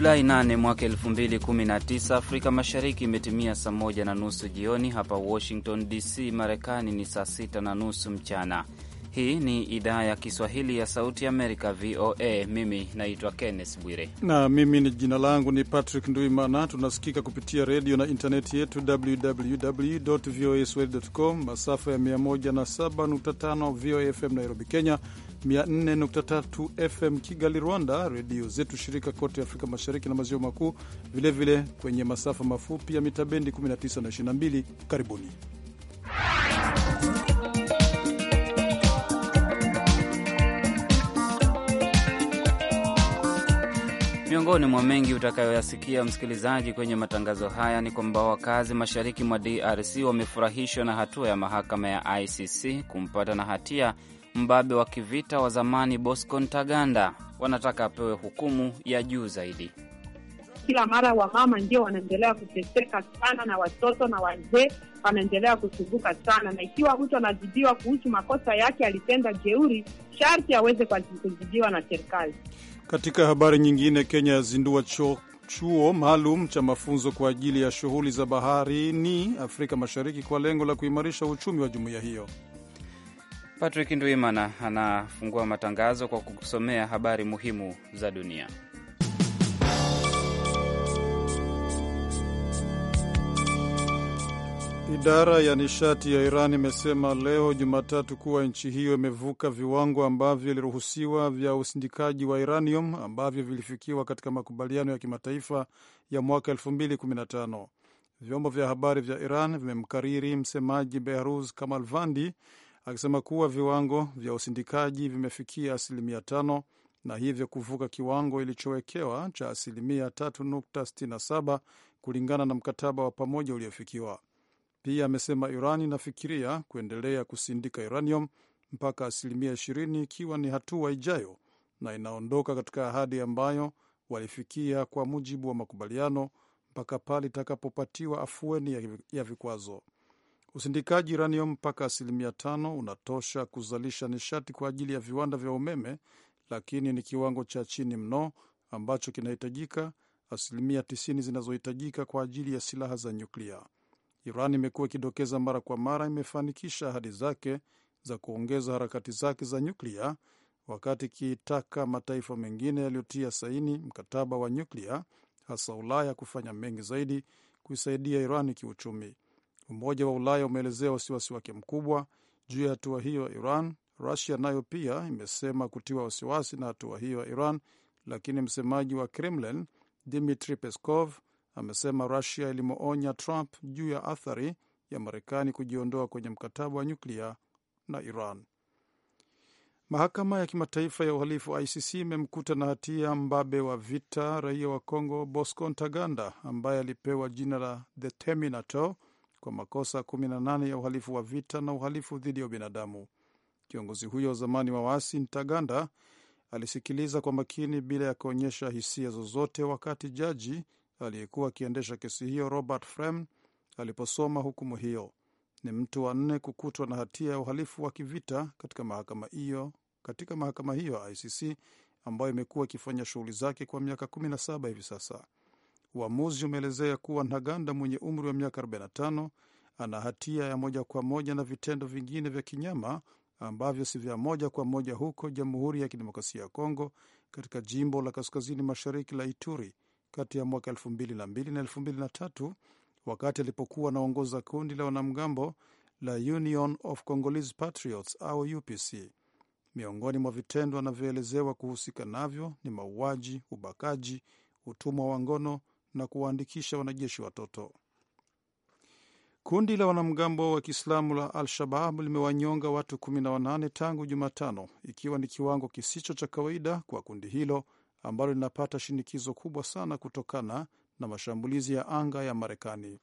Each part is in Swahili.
Julai 8 mwaka 2019, Afrika Mashariki imetimia saa moja na nusu jioni. Hapa Washington DC, Marekani ni saa sita na nusu mchana. Hii ni idhaa ya Kiswahili ya Sauti Amerika, VOA. Mimi naitwa Kenneth Bwire na mimi ni jina langu ni Patrick Nduimana. Tunasikika kupitia redio na intaneti yetu www voa swahili com, masafa ya 107.5 VOA FM Nairobi, Kenya, 104.3 FM Kigali, Rwanda, redio zetu shirika kote Afrika Mashariki na Maziwa Makuu, vilevile kwenye masafa mafupi ya mitabendi 19 na 22. Karibuni Miongoni mwa mengi utakayoyasikia msikilizaji kwenye matangazo haya ni kwamba wakazi mashariki mwa DRC wamefurahishwa na hatua ya mahakama ya ICC kumpata na hatia mbabe wa kivita wa zamani Bosco Ntaganda. Wanataka apewe hukumu ya juu zaidi kila mara wamama ndio wanaendelea kuteseka sana, na watoto na wazee wanaendelea kusumbuka sana. Na ikiwa mtu anazidiwa kuhusu makosa yake alitenda jeuri, sharti aweze kuzidiwa na serikali. Katika habari nyingine, Kenya yazindua chuo, chuo maalum cha mafunzo kwa ajili ya shughuli za baharini Afrika Mashariki kwa lengo la kuimarisha uchumi wa jumuiya hiyo. Patrick Ndwimana anafungua matangazo kwa kusomea habari muhimu za dunia. Idara ya nishati ya Iran imesema leo Jumatatu kuwa nchi hiyo imevuka viwango ambavyo iliruhusiwa vya usindikaji wa iranium ambavyo vilifikiwa katika makubaliano ya kimataifa ya mwaka 2015. Vyombo vya habari vya Iran vimemkariri msemaji kamal Kamalvandi akisema kuwa viwango vya usindikaji vimefikia asilimia a na hivyo kuvuka kiwango ilichowekewa cha asilimia 3.67 kulingana na mkataba wa pamoja uliofikiwa. Pia amesema Iran inafikiria kuendelea kusindika uranium mpaka asilimia ishirini ikiwa ni hatua ijayo na inaondoka katika ahadi ambayo walifikia kwa mujibu wa makubaliano mpaka pale itakapopatiwa afueni ya vikwazo. Usindikaji uranium mpaka asilimia tano unatosha kuzalisha nishati kwa ajili ya viwanda vya umeme, lakini ni kiwango cha chini mno ambacho kinahitajika asilimia tisini zinazohitajika kwa ajili ya silaha za nyuklia. Iran imekuwa ikidokeza mara kwa mara imefanikisha ahadi zake za kuongeza harakati zake za nyuklia, wakati ikitaka mataifa mengine yaliyotia saini mkataba wa nyuklia, hasa Ulaya, kufanya mengi zaidi kuisaidia Iran kiuchumi. Umoja wa Ulaya umeelezea wasiwasi wake mkubwa juu ya hatua hiyo ya Iran. Rusia nayo pia imesema kutiwa wasiwasi na hatua hiyo ya Iran, lakini msemaji wa Kremlin Dmitri Peskov amesema Rusia ilimwonya Trump juu ya athari ya Marekani kujiondoa kwenye mkataba wa nyuklia na Iran. Mahakama ya Kimataifa ya Uhalifu ICC imemkuta na hatia mbabe wa vita raia wa Congo Bosco Ntaganda ambaye alipewa jina la The Terminator kwa makosa 18 ya uhalifu wa vita na uhalifu dhidi ya binadamu. Kiongozi huyo wa zamani wa waasi Ntaganda alisikiliza kwa makini bila ya kuonyesha hisia zozote wakati jaji aliyekuwa akiendesha kesi hiyo Robert Frem aliposoma hukumu hiyo. Ni mtu wa nne kukutwa na hatia ya uhalifu wa kivita katika mahakama hiyo katika mahakama hiyo ya ICC ambayo imekuwa ikifanya shughuli zake kwa miaka 17 hivi sasa. Uamuzi umeelezea kuwa Ntaganda mwenye umri wa miaka 45 ana hatia ya moja kwa moja na vitendo vingine vya kinyama ambavyo si vya moja kwa moja huko Jamhuri ya Kidemokrasia ya Kongo, katika jimbo la kaskazini mashariki la Ituri kati ya mwaka mbili na tatu wakati alipokuwa anaongoza kundi la wanamgambo la Union of Congolese Patriots au UPC. Miongoni mwa vitendo anavyoelezewa kuhusika navyo ni mauaji, ubakaji, utumwa wa ngono na kuwaandikisha wanajeshi watoto. Kundi la wanamgambo wa Kiislamu la Al-Shabab limewanyonga watu 18 tangu Jumatano, ikiwa ni kiwango kisicho cha kawaida kwa kundi hilo ambalo linapata shinikizo kubwa sana kutokana na mashambulizi ya anga ya Marekani.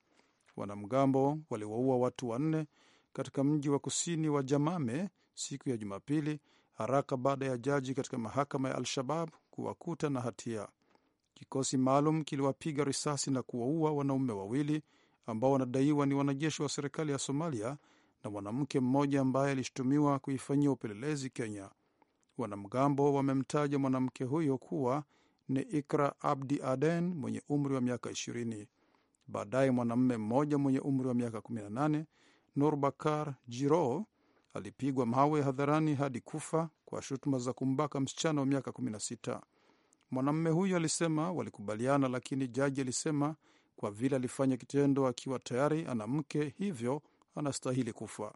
Wanamgambo waliwaua watu wanne katika mji wa kusini wa Jamame siku ya Jumapili, haraka baada ya jaji katika mahakama ya Al-Shabab kuwakuta na hatia. Kikosi maalum kiliwapiga risasi na kuwaua wanaume wawili ambao wanadaiwa ni wanajeshi wa serikali ya Somalia na mwanamke mmoja ambaye alishutumiwa kuifanyia upelelezi Kenya. Wanamgambo wamemtaja mwanamke huyo kuwa ni Ikra Abdi Aden mwenye umri wa miaka 20. Baadaye mwanamume mmoja mwenye umri wa miaka 18, Norbakar Jiro, alipigwa mawe hadharani hadi kufa kwa shutuma za kumbaka msichana wa miaka 16. Mwanamume huyo alisema walikubaliana, lakini jaji alisema kwa vile alifanya kitendo akiwa tayari ana mke, hivyo anastahili kufa.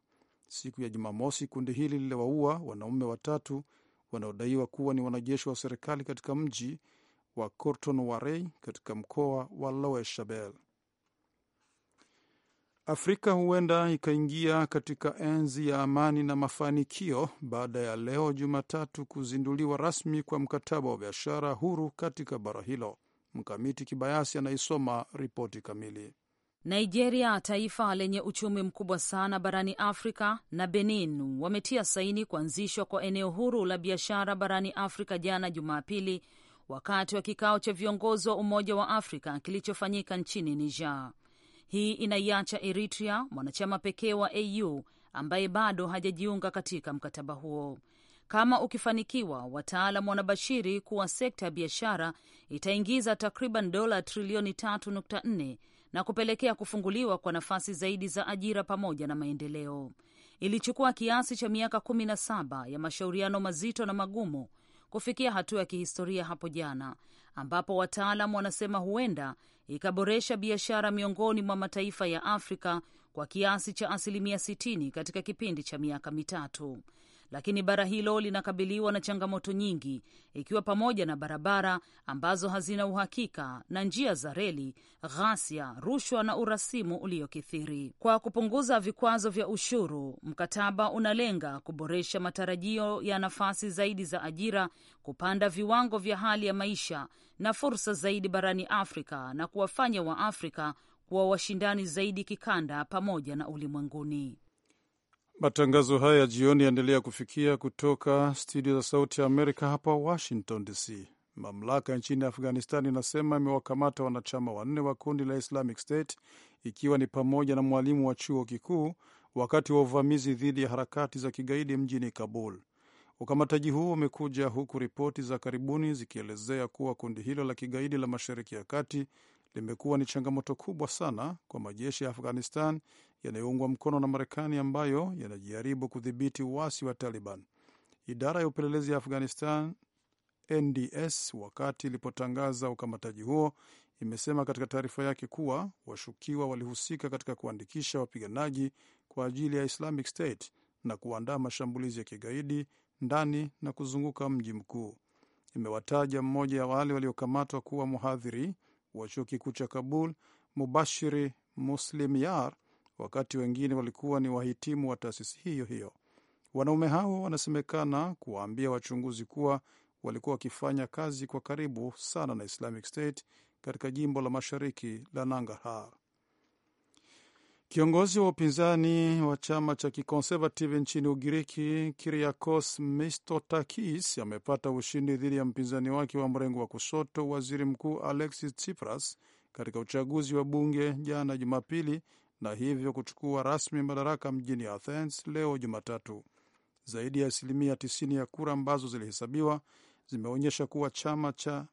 Siku ya Jumamosi, kundi hili liliwaua wanaume watatu wanaodaiwa kuwa ni wanajeshi wa serikali katika mji wa corton warey katika mkoa wa Lower Shabelle. Afrika huenda ikaingia katika enzi ya amani na mafanikio baada ya leo Jumatatu kuzinduliwa rasmi kwa mkataba wa biashara huru katika bara hilo. Mkamiti Kibayasi anaisoma ripoti kamili. Nigeria, taifa lenye uchumi mkubwa sana barani Afrika, na Benin wametia saini kuanzishwa kwa eneo huru la biashara barani Afrika jana Jumapili, wakati wa kikao cha viongozi wa Umoja wa Afrika kilichofanyika nchini Niger. Hii inaiacha Eritrea mwanachama pekee wa AU ambaye bado hajajiunga katika mkataba huo. Kama ukifanikiwa, wataalam wanabashiri kuwa sekta ya biashara itaingiza takriban dola trilioni 3.4 na kupelekea kufunguliwa kwa nafasi zaidi za ajira pamoja na maendeleo. Ilichukua kiasi cha miaka kumi na saba ya mashauriano mazito na magumu kufikia hatua ya kihistoria hapo jana, ambapo wataalam wanasema huenda ikaboresha biashara miongoni mwa mataifa ya Afrika kwa kiasi cha asilimia 60 katika kipindi cha miaka mitatu lakini bara hilo linakabiliwa na changamoto nyingi, ikiwa pamoja na barabara ambazo hazina uhakika na njia za reli, ghasia, rushwa na urasimu uliokithiri. Kwa kupunguza vikwazo vya ushuru, mkataba unalenga kuboresha matarajio ya nafasi zaidi za ajira, kupanda viwango vya hali ya maisha na fursa zaidi barani Afrika na kuwafanya Waafrika kuwa washindani zaidi kikanda pamoja na ulimwenguni. Matangazo haya ya jioni yaendelea kufikia kutoka studio za Sauti ya Amerika hapa Washington DC. Mamlaka nchini Afghanistan inasema imewakamata wanachama wanne wa kundi la Islamic State ikiwa ni pamoja na mwalimu wa chuo kikuu wakati wa uvamizi dhidi ya harakati za kigaidi mjini Kabul. Ukamataji huo umekuja huku ripoti za karibuni zikielezea kuwa kundi hilo la kigaidi la Mashariki ya Kati limekuwa ni changamoto kubwa sana kwa majeshi ya Afghanistan yanayoungwa mkono na Marekani ambayo yanajaribu kudhibiti uasi wa Taliban. Idara ya upelelezi ya Afghanistan NDS wakati ilipotangaza ukamataji huo imesema katika taarifa yake kuwa washukiwa walihusika katika kuandikisha wapiganaji kwa ajili ya Islamic State na kuandaa mashambulizi ya kigaidi ndani na kuzunguka mji mkuu. Imewataja mmoja ya wale waliokamatwa kuwa mhadhiri wa chuo kikuu cha Kabul, Mubashiri Yar, wakati wengine walikuwa ni wahitimu wa taasisi hiyo hiyo. Wanaume hao wanasemekana kuwaambia wachunguzi kuwa walikuwa wakifanya kazi kwa karibu sana na Islamic State katika jimbo la mashariki la Nangarhar. Kiongozi wa upinzani wa chama cha kikonservative nchini Ugiriki, Kiriakos mistotakis amepata ushindi dhidi ya mpinzani wake wa mrengo wa kushoto, waziri mkuu Alexis Tsipras, katika uchaguzi wa bunge jana Jumapili, na hivyo kuchukua rasmi madaraka mjini Athens leo Jumatatu. Zaidi ya asilimia 90 ya kura ambazo zilihesabiwa zimeonyesha kuwa chama cha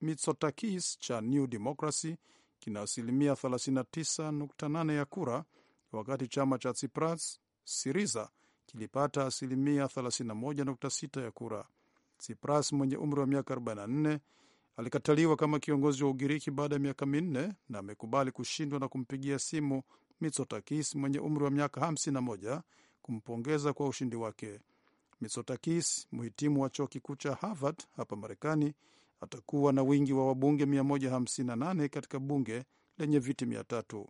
Mitsotakis cha New Democracy kina asilimia 39.8 ya kura wakati chama cha Tsipras Siriza kilipata asilimia 31.6 ya kura. Tsipras mwenye umri wa miaka 44 alikataliwa kama kiongozi wa Ugiriki baada ya miaka minne na amekubali kushindwa na kumpigia simu Mitsotakis mwenye umri wa miaka 51 kumpongeza kwa ushindi wake. Mitsotakis, mhitimu wa chuo kikuu cha Harvard hapa Marekani, atakuwa na wingi wa wabunge 158 katika bunge lenye viti 300.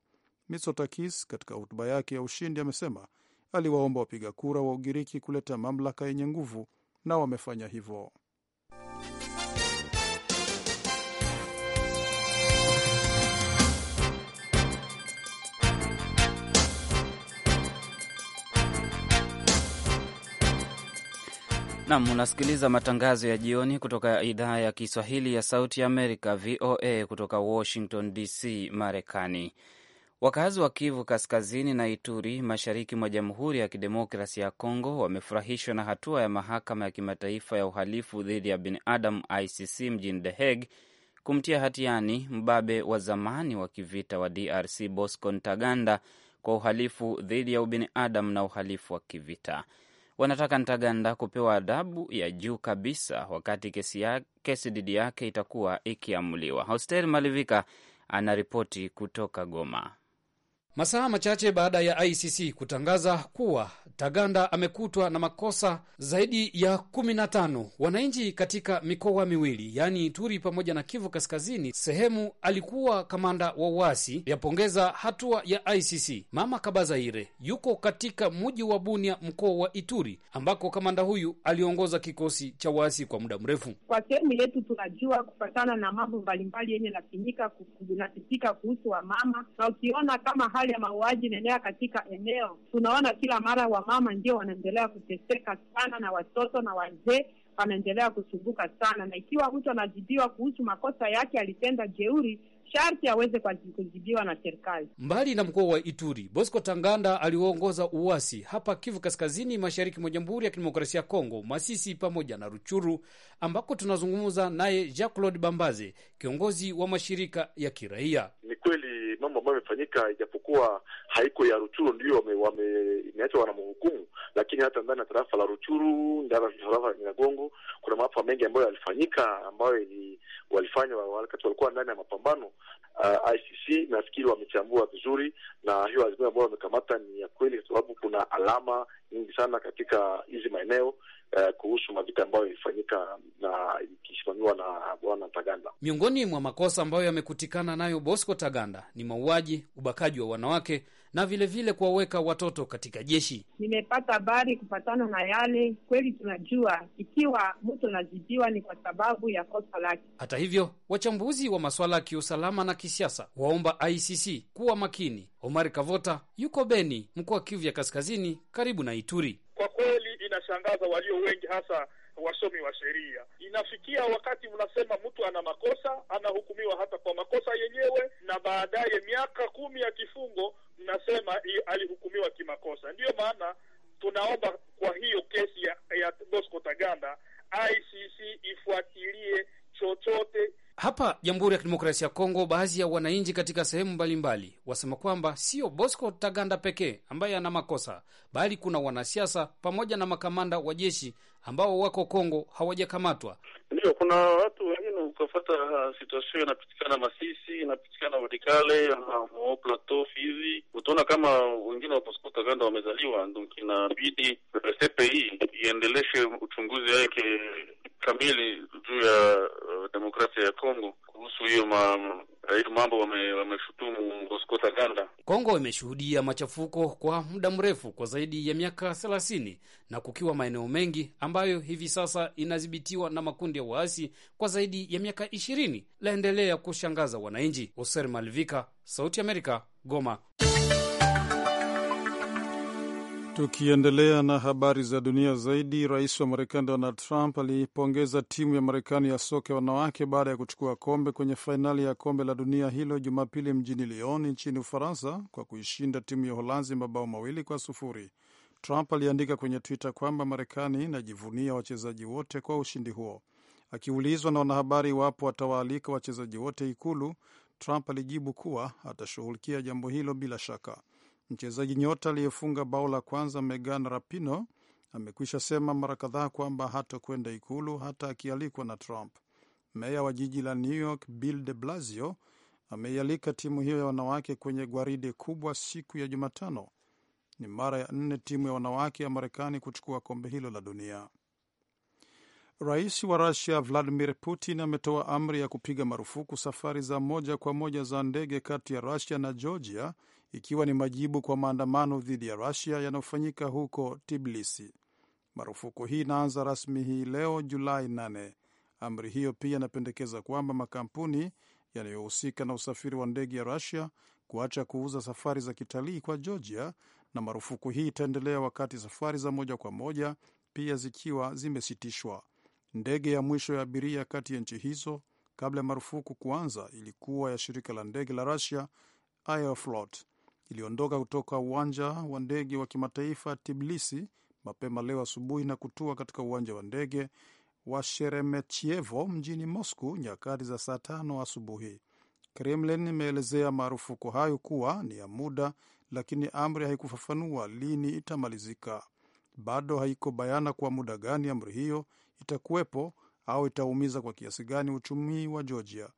Mitsotakis katika hotuba yake ya ushindi amesema aliwaomba wapiga kura wa Ugiriki kuleta mamlaka yenye nguvu na wamefanya hivyo. Nam, unasikiliza matangazo ya jioni kutoka idhaa ya Kiswahili ya Sauti Amerika, VOA, kutoka Washington DC, Marekani. Wakazi wa Kivu Kaskazini na Ituri, mashariki mwa Jamhuri ya Kidemokrasi ya congo wamefurahishwa na hatua ya Mahakama ya Kimataifa ya Uhalifu dhidi ya Binadamu, ICC, mjini The Hague kumtia hatiani mbabe wa zamani wa kivita wa DRC Bosco Ntaganda kwa uhalifu dhidi ya ubinadamu na uhalifu wa kivita wanataka Ntaganda kupewa adhabu ya juu kabisa wakati kesi, ya, kesi dhidi yake itakuwa ikiamuliwa. Hostel Malivika anaripoti kutoka Goma. Masaa machache baada ya ICC kutangaza kuwa Taganda amekutwa na makosa zaidi ya kumi na tano, wananchi katika mikoa miwili yaani Ituri pamoja na Kivu Kaskazini, sehemu alikuwa kamanda wa uasi, yapongeza hatua ya ICC. Mama Kabazaire yuko katika muji wa Bunia, mkoa wa Ituri, ambako kamanda huyu aliongoza kikosi cha uasi kwa muda mrefu. Kwa sehemu yetu tunajua kufatana na mambo mbalimbali yenye nafinyika kunapitika kuhusu wamama na ukiona kama hali hali ya mauaji inaendelea katika eneo. Tunaona kila mara wamama ndio wanaendelea kuteseka sana na watoto na wazee wanaendelea kusumbuka sana, na ikiwa mtu anajibiwa kuhusu makosa yake, alitenda jeuri sharti aweze kujibiwa na serikali. Mbali na mkoa wa Ituri, Bosco Tanganda aliongoza uasi hapa Kivu Kaskazini, mashariki mwa Jamhuri ya Kidemokrasia ya Kongo, Masisi pamoja na Ruchuru, ambako tunazungumza naye Jean Claude Bambaze, kiongozi wa mashirika ya kiraia. Ni kweli mambo ambayo yamefanyika, ijapokuwa haiko ya Ruchuru ndiyo imeacha wanamhukumu, lakini hata ndani ya tarafa la Ruchuru, ndani tarafa la Nyiragongo kuna maafa mengi ambayo yalifanyika, ambayo walifanya wakati walikuwa ndani ya mapambano uh, ICC nafikiri wamechambua vizuri, na hiyo azimio ambayo wamekamata ni ya kweli, kwa sababu kuna alama nyingi sana katika hizi maeneo uh, kuhusu mavita ambayo ilifanyika na ikisimamiwa na bwana Taganda. Miongoni mwa makosa ambayo yamekutikana nayo Bosco Taganda ni mauaji, ubakaji wa wanawake na vilevile kuwaweka watoto katika jeshi. Nimepata habari kufatana na yale kweli, tunajua ikiwa mtu anazidiwa ni kwa sababu ya kosa lake. Hata hivyo, wachambuzi wa masuala ya kiusalama na kisiasa waomba ICC kuwa makini. Omar Kavota yuko Beni, mkoa wa Kivu ya Kaskazini, karibu na Ituri. Kwa kweli inashangaza walio wengi hasa wasomi wa sheria. Inafikia wakati mnasema mtu ana makosa, anahukumiwa hata kwa makosa yenyewe, na baadaye miaka kumi ya kifungo mnasema alihukumiwa kimakosa. Ndiyo maana tunaomba kwa hiyo kesi ya, ya Bosco Taganda ICC ifuatilie chochote hapa Jamhuri ya Kidemokrasia ya Kongo, baadhi ya wananchi katika sehemu mbalimbali wasema kwamba sio Bosco Taganda pekee ambaye ana makosa, bali kuna wanasiasa pamoja na makamanda wa jeshi ambao wako Kongo hawajakamatwa. Ndio, kuna watu wengine ukafata situasio inapitikana Masisi, inapitikana Walikale, Plateau, Fizi, utaona kama wengine wa Bosco Taganda wamezaliwa. kinabidi CPI iendeleshe uchunguzi wake kamili kama rais eh, Mambo wameshutumu wame Bosco Ganda. Kongo imeshuhudia machafuko kwa muda mrefu kwa zaidi ya miaka thelathini na kukiwa maeneo mengi ambayo hivi sasa inadhibitiwa na makundi ya waasi kwa zaidi ya miaka ishirini laendelea kushangaza wananchi. Oser Malvika, Sauti Amerika, Goma. Tukiendelea na habari za dunia zaidi, rais wa Marekani Donald Trump aliipongeza timu ya Marekani ya soka ya wanawake baada ya kuchukua kombe kwenye fainali ya kombe la dunia hilo Jumapili mjini Lyon nchini Ufaransa kwa kuishinda timu ya Holanzi mabao mawili kwa sufuri. Trump aliandika kwenye Twitter kwamba Marekani inajivunia wachezaji wote kwa ushindi huo. Akiulizwa na wanahabari iwapo watawaalika wachezaji wote Ikulu, Trump alijibu kuwa atashughulikia jambo hilo bila shaka. Mchezaji nyota aliyefunga bao la kwanza Megan Rapino amekwisha sema mara kadhaa kwamba hatokwenda ikulu hata akialikwa na Trump. Meya wa jiji la New York Bill de Blasio ameialika timu hiyo ya wanawake kwenye gwaride kubwa siku ya Jumatano. Ni mara ya nne timu ya wanawake ya Marekani kuchukua kombe hilo la dunia. Rais wa Rusia Vladimir Putin ametoa amri ya kupiga marufuku safari za moja kwa moja za ndege kati ya Rusia na Georgia ikiwa ni majibu kwa maandamano dhidi ya Rusia yanayofanyika huko Tbilisi. Marufuku hii inaanza rasmi hii leo Julai 8. Amri hiyo pia inapendekeza kwamba makampuni yanayohusika na usafiri wa ndege ya Rusia kuacha kuuza safari za kitalii kwa Georgia, na marufuku hii itaendelea wakati safari za moja kwa moja pia zikiwa zimesitishwa. Ndege ya mwisho ya abiria kati ya nchi hizo kabla ya marufuku kuanza ilikuwa ya shirika la ndege la Rusia Aeroflot iliondoka kutoka uwanja wa ndege wa kimataifa Tbilisi mapema leo asubuhi na kutua katika uwanja wa ndege wa Sheremetyevo mjini Moscow nyakati za saa tano asubuhi. Kremlin imeelezea marufuku hayo kuwa ni ya muda, lakini amri haikufafanua lini itamalizika. Bado haiko bayana kwa muda gani amri hiyo itakuwepo au itaumiza kwa kiasi gani uchumi wa Georgia.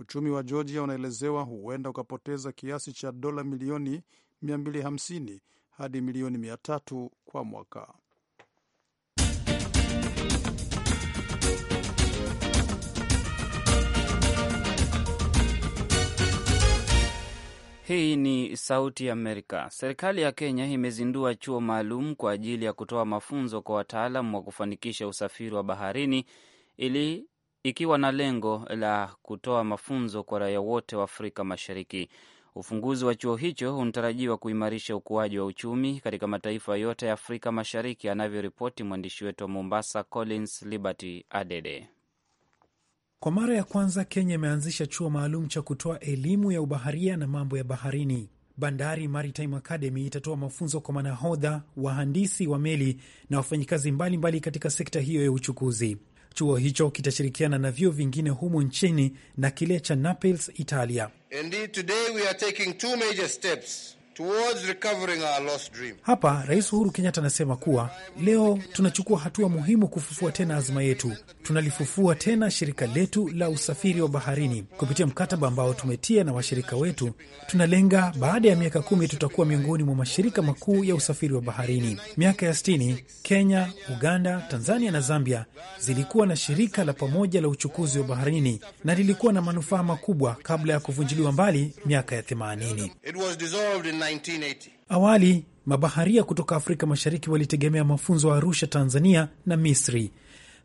Uchumi wa Georgia unaelezewa huenda ukapoteza kiasi cha dola milioni 250 hadi milioni 300 kwa mwaka. Hii ni Sauti ya Amerika. Serikali ya Kenya imezindua chuo maalum kwa ajili ya kutoa mafunzo kwa wataalam wa kufanikisha usafiri wa baharini ili ikiwa na lengo la kutoa mafunzo kwa raia wote wa Afrika Mashariki. Ufunguzi wa chuo hicho unatarajiwa kuimarisha ukuaji wa uchumi katika mataifa yote ya Afrika Mashariki, anavyoripoti mwandishi wetu wa Mombasa, Collins Liberty Adede. Kwa mara ya kwanza Kenya imeanzisha chuo maalum cha kutoa elimu ya ubaharia na mambo ya baharini. Bandari Maritime Academy itatoa mafunzo kwa manahodha, wahandisi wa meli na wafanyikazi mbalimbali katika sekta hiyo ya uchukuzi. Chuo hicho kitashirikiana na vyuo vingine humo nchini na kile cha Naples, Italia. Indeed, today we are taking two major steps. Hapa Rais Uhuru Kenyatta anasema kuwa leo tunachukua hatua muhimu kufufua tena azma yetu. Tunalifufua tena shirika letu la usafiri wa baharini kupitia mkataba ambao tumetia na washirika wetu. Tunalenga baada ya miaka kumi tutakuwa miongoni mwa mashirika makuu ya usafiri wa baharini. Miaka ya sitini, Kenya, Uganda, Tanzania na Zambia zilikuwa na shirika la pamoja la uchukuzi wa baharini na lilikuwa na manufaa makubwa kabla ya kuvunjiliwa mbali miaka ya themanini. 1980. Awali mabaharia kutoka Afrika Mashariki walitegemea mafunzo Arusha, Tanzania na Misri.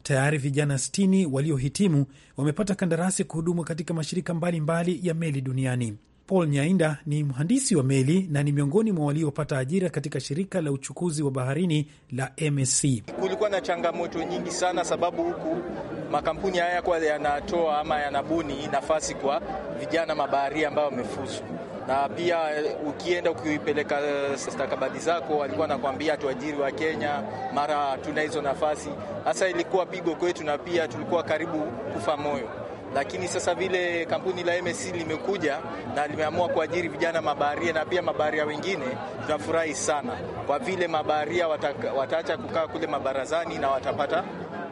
Tayari vijana 60 waliohitimu wamepata kandarasi kuhudumu katika mashirika mbalimbali mbali ya meli duniani. Paul Nyainda ni mhandisi wa meli na ni miongoni mwa waliopata ajira katika shirika la uchukuzi wa baharini la MSC. Kulikuwa na changamoto nyingi sana, sababu huku makampuni haya kwa yanatoa ama yanabuni nafasi kwa vijana mabaharia ambayo wamefuzu na pia eh, ukienda ukipeleka eh, stakabadhi zako, walikuwa nakwambia tuajiri wa Kenya, mara tuna hizo nafasi. Hasa ilikuwa pigo kwetu, na pia tulikuwa karibu kufa moyo, lakini sasa vile kampuni la MSC limekuja na limeamua kuajiri vijana mabaharia na pia mabaharia wengine, tunafurahi sana kwa vile mabaharia wataacha kukaa kule mabarazani na watapata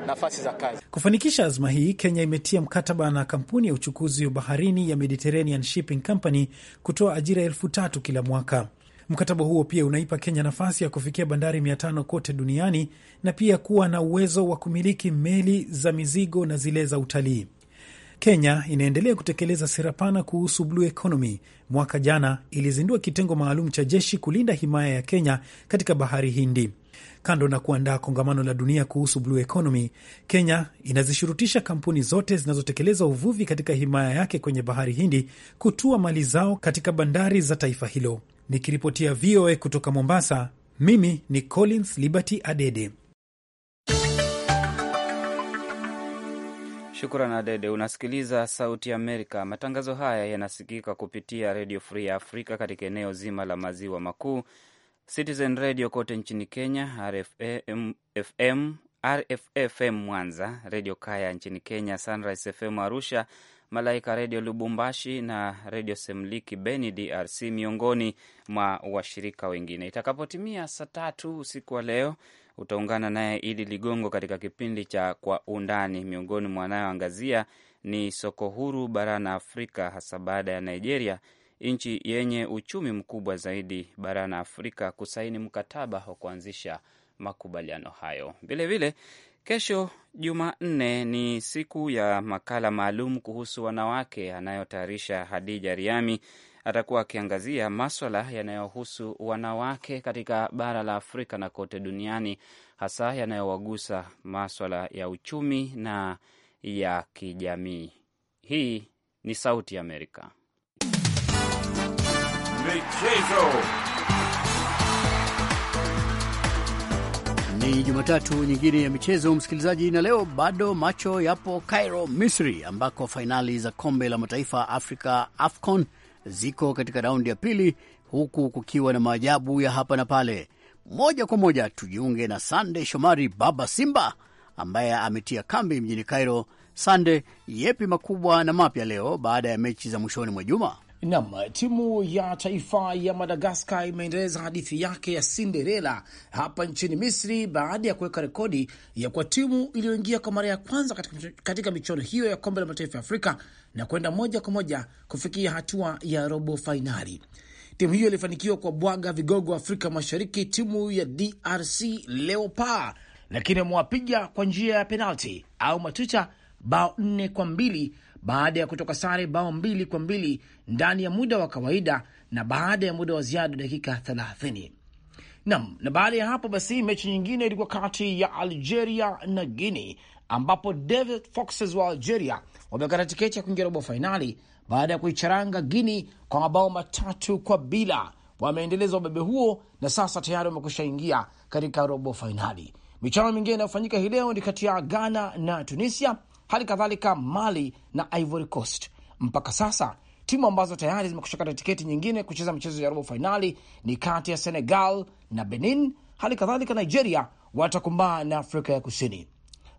nafasi za kazi. Kufanikisha azma hii, Kenya imetia mkataba na kampuni ya uchukuzi wa baharini ya Mediterranean Shipping Company kutoa ajira elfu tatu kila mwaka. Mkataba huo pia unaipa Kenya nafasi ya kufikia bandari mia tano kote duniani na pia kuwa na uwezo wa kumiliki meli za mizigo na zile za utalii. Kenya inaendelea kutekeleza sera pana kuhusu blue economy. Mwaka jana ilizindua kitengo maalum cha jeshi kulinda himaya ya Kenya katika bahari Hindi. Kando na kuandaa kongamano la dunia kuhusu blue economy, Kenya inazishurutisha kampuni zote zinazotekeleza uvuvi katika himaya yake kwenye bahari Hindi kutua mali zao katika bandari za taifa hilo. Nikiripotia VOA kutoka Mombasa, mimi ni Collins Liberty Adede. Shukran Adede. Unasikiliza Sauti ya Amerika. Matangazo haya yanasikika kupitia Redio Free ya Afrika katika eneo zima la maziwa makuu Citizen Radio kote nchini Kenya, RFM, RFFM Mwanza, Redio Kaya nchini Kenya, Sunrise FM Arusha, Malaika Redio Lubumbashi na Redio Semliki Beni, DRC, miongoni mwa washirika wengine. Itakapotimia saa tatu usiku wa leo utaungana naye Idi Ligongo katika kipindi cha Kwa Undani. Miongoni mwa wanayoangazia ni soko huru barani Afrika, hasa baada ya Nigeria nchi yenye uchumi mkubwa zaidi barani Afrika kusaini mkataba wa kuanzisha makubaliano hayo. Vilevile, kesho Jumanne ni siku ya makala maalum kuhusu wanawake anayotayarisha Hadija Riami. Atakuwa akiangazia maswala yanayohusu wanawake katika bara la Afrika na kote duniani, hasa yanayowagusa maswala ya uchumi na ya kijamii. Hii ni Sauti ya Amerika. Michezo. Ni Jumatatu nyingine ya michezo, msikilizaji, na leo bado macho yapo Cairo, Misri, ambako fainali za kombe la mataifa Afrika AFCON ziko katika raundi ya pili, huku kukiwa na maajabu ya hapa na pale. Moja kwa moja tujiunge na Sande Shomari, baba Simba, ambaye ametia kambi mjini Cairo. Sande, yepi makubwa na mapya leo baada ya mechi za mwishoni mwa juma? Nam, timu ya taifa ya Madagaskar imeendeleza hadithi yake ya Cinderella hapa nchini Misri baada ya kuweka rekodi ya kwa timu iliyoingia kwa mara ya kwanza katika, katika michuano hiyo ya kombe la mataifa ya Afrika na kwenda moja kwa moja kufikia hatua ya robo fainali. Timu hiyo ilifanikiwa kwa bwaga vigogo wa Afrika Mashariki, timu ya DRC leopa lakini amewapiga kwa njia ya penalti au matuta bao nne kwa mbili baada ya kutoka sare bao mbili kwa mbili ndani ya muda wa kawaida na baada ya muda wa ziada dakika 30. Nam, na baada ya hapo basi mechi nyingine ilikuwa kati ya Algeria na Guini, ambapo David Foxes wa Algeria wamekata tiketi ya kuingia robo fainali baada ya kuicharanga Guini kwa mabao matatu kwa bila. Wameendeleza ubebe huo na sasa tayari wamekusha ingia katika robo fainali. Michano mingine inayofanyika hii leo ni kati ya Ghana na Tunisia hali kadhalika Mali na Ivory Coast. Mpaka sasa timu ambazo tayari kata tiketi nyingine kucheza michezo ya robo fainali ni kati ya Senegal na Benin, hali kadhalika Nigeria watakumbana na Afrika ya Kusini.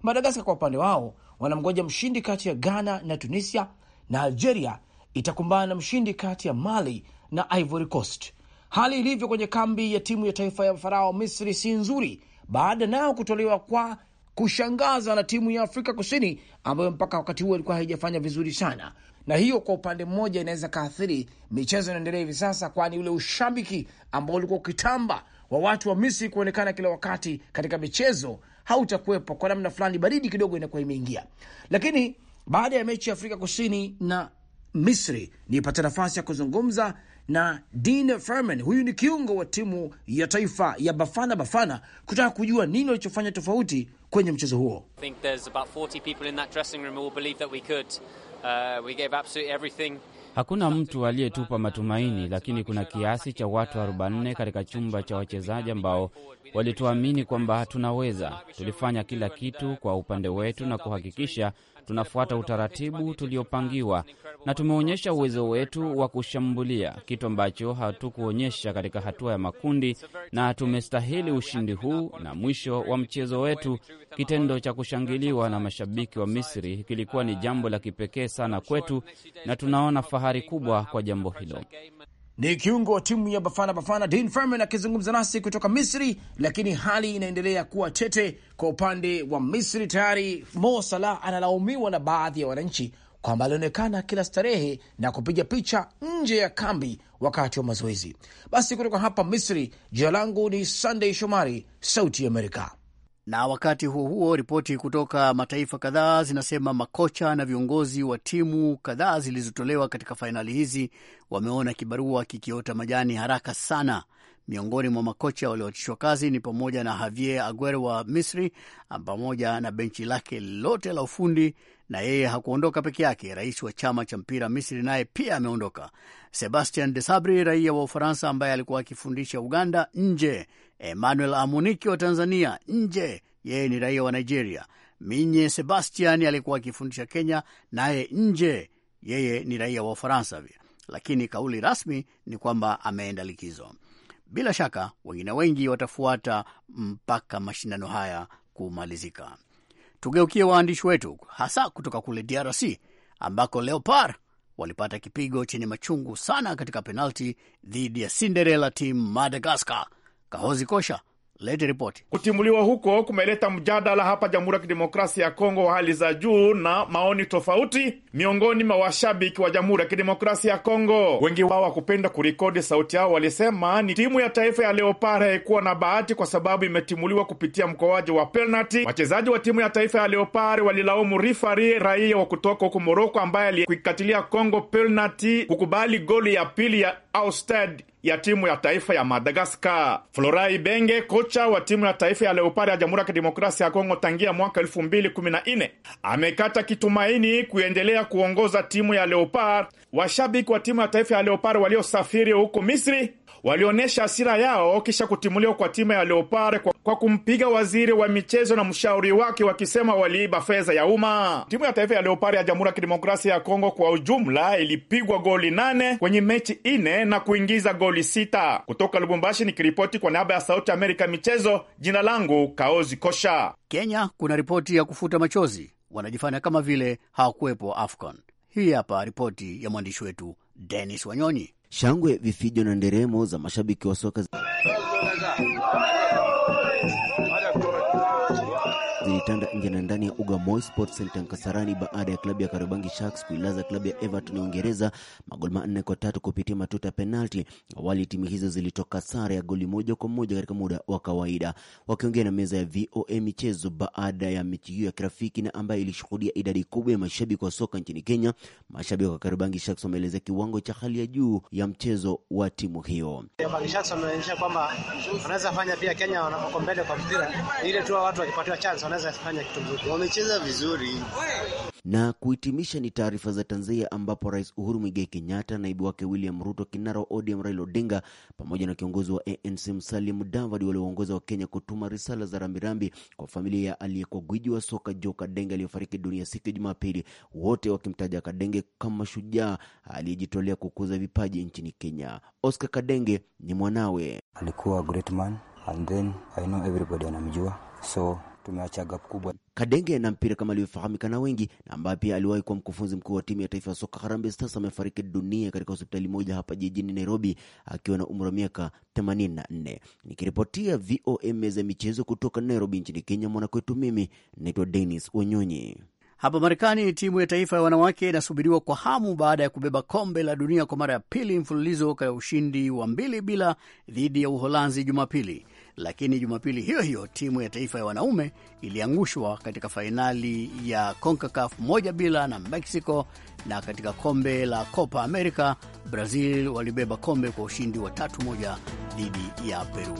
Madagaskar kwa upande wao wanamgoja mshindi kati ya Ghana na Tunisia, na Algeria itakumbana na mshindi kati ya Mali na Ivory Coast. Hali ilivyo kwenye kambi ya timu ya taifa ya Farao Misri si nzuri baada nayo kutolewa kwa kushangaza na timu ya Afrika Kusini ambayo mpaka wakati huo ilikuwa haijafanya vizuri sana, na hiyo kwa upande mmoja inaweza kaathiri michezo inaendelea hivi sasa, kwani ule ushabiki ambao ulikuwa ukitamba wa watu wa Misri kuonekana kila wakati katika michezo hautakuwepo. Kwa namna fulani, baridi kidogo inakuwa imeingia, lakini baada ya mechi ya Afrika Kusini na Misri nipata nafasi ya kuzungumza na Dean Furman. huyu ni kiungo wa timu ya taifa ya Bafana Bafana, kutaka kujua nini walichofanya tofauti kwenye mchezo huo. Hakuna mtu aliyetupa matumaini, lakini kuna kiasi cha watu 44 katika chumba cha wachezaji ambao walituamini kwamba tunaweza. Tulifanya kila kitu kwa upande wetu na kuhakikisha tunafuata utaratibu tuliopangiwa na tumeonyesha uwezo wetu wa kushambulia, kitu ambacho hatukuonyesha katika hatua ya makundi, na tumestahili ushindi huu. Na mwisho wa mchezo wetu, kitendo cha kushangiliwa na mashabiki wa Misri kilikuwa ni jambo la kipekee sana kwetu, na tunaona fahari kubwa kwa jambo hilo. Ni kiungo wa timu ya Bafana Bafana Dean Ferman akizungumza nasi kutoka Misri. Lakini hali inaendelea kuwa tete kwa upande wa Misri. Tayari Mo Salah analaumiwa na baadhi ya wananchi kwamba alionekana kila starehe na kupiga picha nje ya kambi wakati wa mazoezi. Basi kutoka hapa Misri, jina langu ni Sunday Shomari, Sauti ya Amerika. Na wakati huo huo, ripoti kutoka mataifa kadhaa zinasema makocha na viongozi wa timu kadhaa zilizotolewa katika fainali hizi wameona kibarua kikiota majani haraka sana Miongoni mwa makocha walioachishwa kazi ni pamoja na Javier Aguero wa Misri pamoja na benchi lake lote la ufundi. Na yeye hakuondoka peke yake. Rais wa chama cha mpira Misri naye pia ameondoka. Sebastian de sabri raia wa Ufaransa ambaye alikuwa akifundisha Uganda, nje. Emmanuel Amuniki wa Tanzania, nje. Yeye ni raia wa Nigeria. Minye Sebastian alikuwa akifundisha Kenya, naye nje. Yeye ni raia wa Ufaransa. Lakini kauli rasmi ni kwamba ameenda likizo. Bila shaka wengine wengi watafuata mpaka mashindano haya kumalizika. Tugeukie waandishi wetu hasa kutoka kule DRC ambako leopar walipata kipigo chenye machungu sana katika penalti dhidi ya Cinderella timu Madagascar. Kahozi Kosha Lete ripoti. Kutimuliwa huko kumeleta mjadala hapa Jamhuri ya Kidemokrasia ya Kongo wa hali za juu na maoni tofauti miongoni mwa washabiki wa Jamhuri ya Kidemokrasia ya Kongo. Wengi wao wakupenda kurekodi sauti yao walisema ni timu ya taifa ya Leopard haikuwa na bahati kwa sababu imetimuliwa kupitia mkoaji wa penalti. Wachezaji wa timu ya taifa ya Leopard walilaumu rifari, raia wa kutoka huko Moroko ambaye alikuikatilia Kongo penalti kukubali goli ya pili ya Austad ya timu ya taifa ya Madagaskar. Florai Benge, kocha wa timu ya taifa ya Leopard ya Jamhuri ya Kidemokrasia ya Kongo tangia mwaka elfu mbili kumi na nne, amekata kitumaini kuendelea kuongoza timu ya Leopard. Washabiki wa timu ya taifa ya Leopard waliosafiri huko Misri Walionyesha hasira yao kisha kutimuliwa kwa timu ya Leopard kwa, kwa kumpiga waziri wa michezo na mshauri wake wakisema waliiba fedha ya umma. Timu ya taifa ya Leopard ya Jamhuri ya Kidemokrasia ya Kongo kwa ujumla ilipigwa goli nane kwenye mechi nne na kuingiza goli sita. Kutoka Lubumbashi nikiripoti kwa niaba ya Sauti Amerika michezo, jina langu Kaozi Kosha. Kenya kuna ripoti ya kufuta machozi, wanajifanya kama vile hawakuwepo AFCON. Hii hapa ripoti ya mwandishi wetu denis Wanyonyi shangwe, vifijo na nderemo za mashabiki wa soka kitanda nje na ndani ya uga Moi Sports Center Kasarani baada ya klabu ya Kariobangi Sharks kuilaza klabu ya Everton ya Uingereza magoli manne kwa tatu kupitia matuta ya penalti. Awali timu hizo zilitoka sare ya goli moja kwa moja katika muda wa kawaida. Wakiongea na meza ya VOA michezo baada ya mechi hiyo ya kirafiki na ambayo ilishuhudia idadi kubwa ya mashabiki wa soka nchini Kenya, mashabiki wa Kariobangi Sharks wameelezea kiwango cha hali ya juu ya mchezo wa timu hiyo. Wanaonyesha kwamba wanaweza fanya pia, Kenya wako mbele kwa mpira, ile tu watu wakipatiwa chance wanaweza fanya kitu mzuri, wamecheza vizuri na kuhitimisha ni taarifa za Tanzania ambapo Rais Uhuru Muigai Kenyatta, naibu wake William Ruto, kinara wa ODM Raila Odinga pamoja na kiongozi wa ANC Musalia Mudavadi walioongoza wa Kenya kutuma risala za rambirambi kwa familia ya aliyekuwa gwiji wa soka Joe Kadenge aliyofariki dunia siku ya Jumapili, wote wakimtaja Kadenge kama shujaa aliyejitolea kukuza vipaji nchini Kenya. Oscar Kadenge ni mwanawe. Alikuwa great man and then I know everybody anamjua so tumeacha gap kubwa. Kadenge na mpira kama alivyofahamika na wengi na ambaye pia aliwahi kuwa mkufunzi mkuu wa timu ya taifa ya soka Harambee Stars amefariki dunia katika hospitali moja hapa jijini Nairobi akiwa na umri wa miaka 84. Nikiripotia VOA meza ya michezo kutoka Nairobi nchini Kenya, mwanakwetu mimi naitwa Dennis Wanyonyi. Hapa Marekani, timu ya taifa ya wanawake inasubiriwa kwa hamu baada ya kubeba kombe la dunia kwa mara ya pili mfululizo katika ushindi wa mbili bila dhidi ya Uholanzi Jumapili lakini Jumapili hiyo hiyo timu ya taifa ya wanaume iliangushwa katika fainali ya CONCACAF moja bila na Mexico, na katika kombe la Copa America Brazil walibeba kombe kwa ushindi wa tatu moja dhidi ya Peru.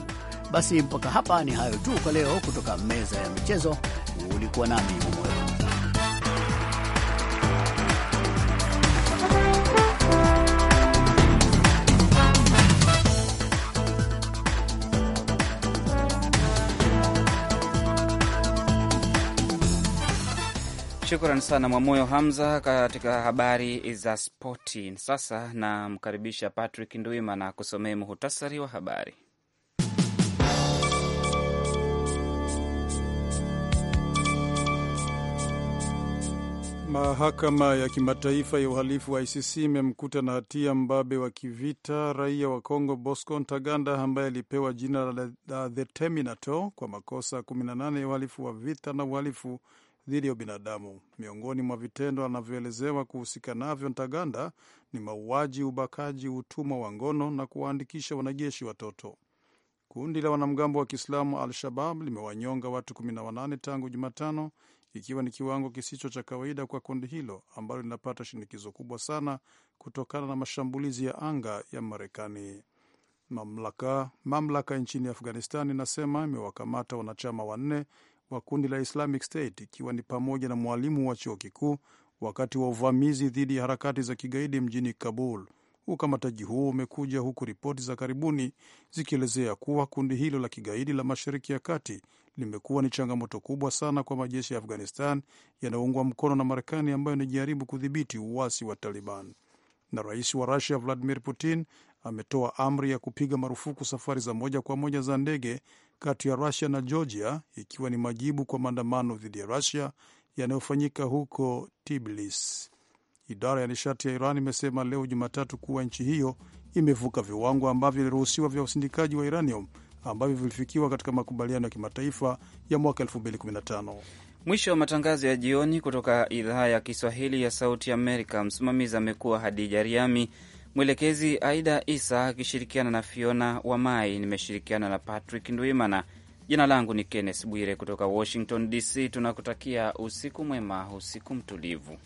Basi mpaka hapa ni hayo tu kwa leo, kutoka meza ya michezo. Ulikuwa nami Umoyo. Shukran sana Mwamoyo Hamza katika habari za spoti. Sasa namkaribisha Patrick Ndwima na kusomee muhutasari wa habari. Mahakama ya kimataifa ya uhalifu wa ICC imemkuta na hatia mbabe wa kivita raia wa Congo Bosco Ntaganda ambaye alipewa jina la The Terminator kwa makosa 18 ya uhalifu wa vita na uhalifu dhidi ya ubinadamu. Miongoni mwa vitendo anavyoelezewa kuhusika navyo Ntaganda ni mauaji, ubakaji, utumwa wa ngono na kuwaandikisha wanajeshi watoto. Kundi la wanamgambo wa Kiislamu Al-Shabab limewanyonga watu 18 tangu Jumatano, ikiwa ni kiwango kisicho cha kawaida kwa kundi hilo ambalo linapata shinikizo kubwa sana kutokana na mashambulizi ya anga ya Marekani. Mamlaka, mamlaka nchini Afghanistan inasema imewakamata wanachama wanne wa kundi la Islamic State ikiwa ni pamoja na mwalimu wa chuo kikuu wakati wa uvamizi dhidi ya harakati za kigaidi mjini Kabul. Ukamataji huo umekuja huku ripoti za karibuni zikielezea kuwa kundi hilo la kigaidi la Mashariki ya Kati limekuwa ni changamoto kubwa sana kwa majeshi ya Afghanistan yanayoungwa mkono na Marekani ambayo inajaribu kudhibiti uasi wa Taliban. Na rais wa Rusia Vladimir Putin ametoa amri ya kupiga marufuku safari za moja kwa moja za ndege kati ya Rusia na Georgia, ikiwa ni majibu kwa maandamano dhidi ya Rusia yanayofanyika huko Tbilisi. Idara ya nishati ya Iran imesema leo Jumatatu kuwa nchi hiyo imevuka viwango ambavyo iliruhusiwa vya usindikaji wa uranium ambavyo vilifikiwa katika makubaliano ya kimataifa ya mwaka 2015. Mwisho wa matangazo ya jioni kutoka idhaa ya Kiswahili ya Sauti Amerika. Msimamizi amekuwa Hadija Riami. Mwelekezi Aida Isa akishirikiana na Fiona Wamai. Nimeshirikiana na Patrick Ndwimana. Jina langu ni Kenneth Bwire kutoka Washington DC. Tunakutakia usiku mwema, usiku mtulivu.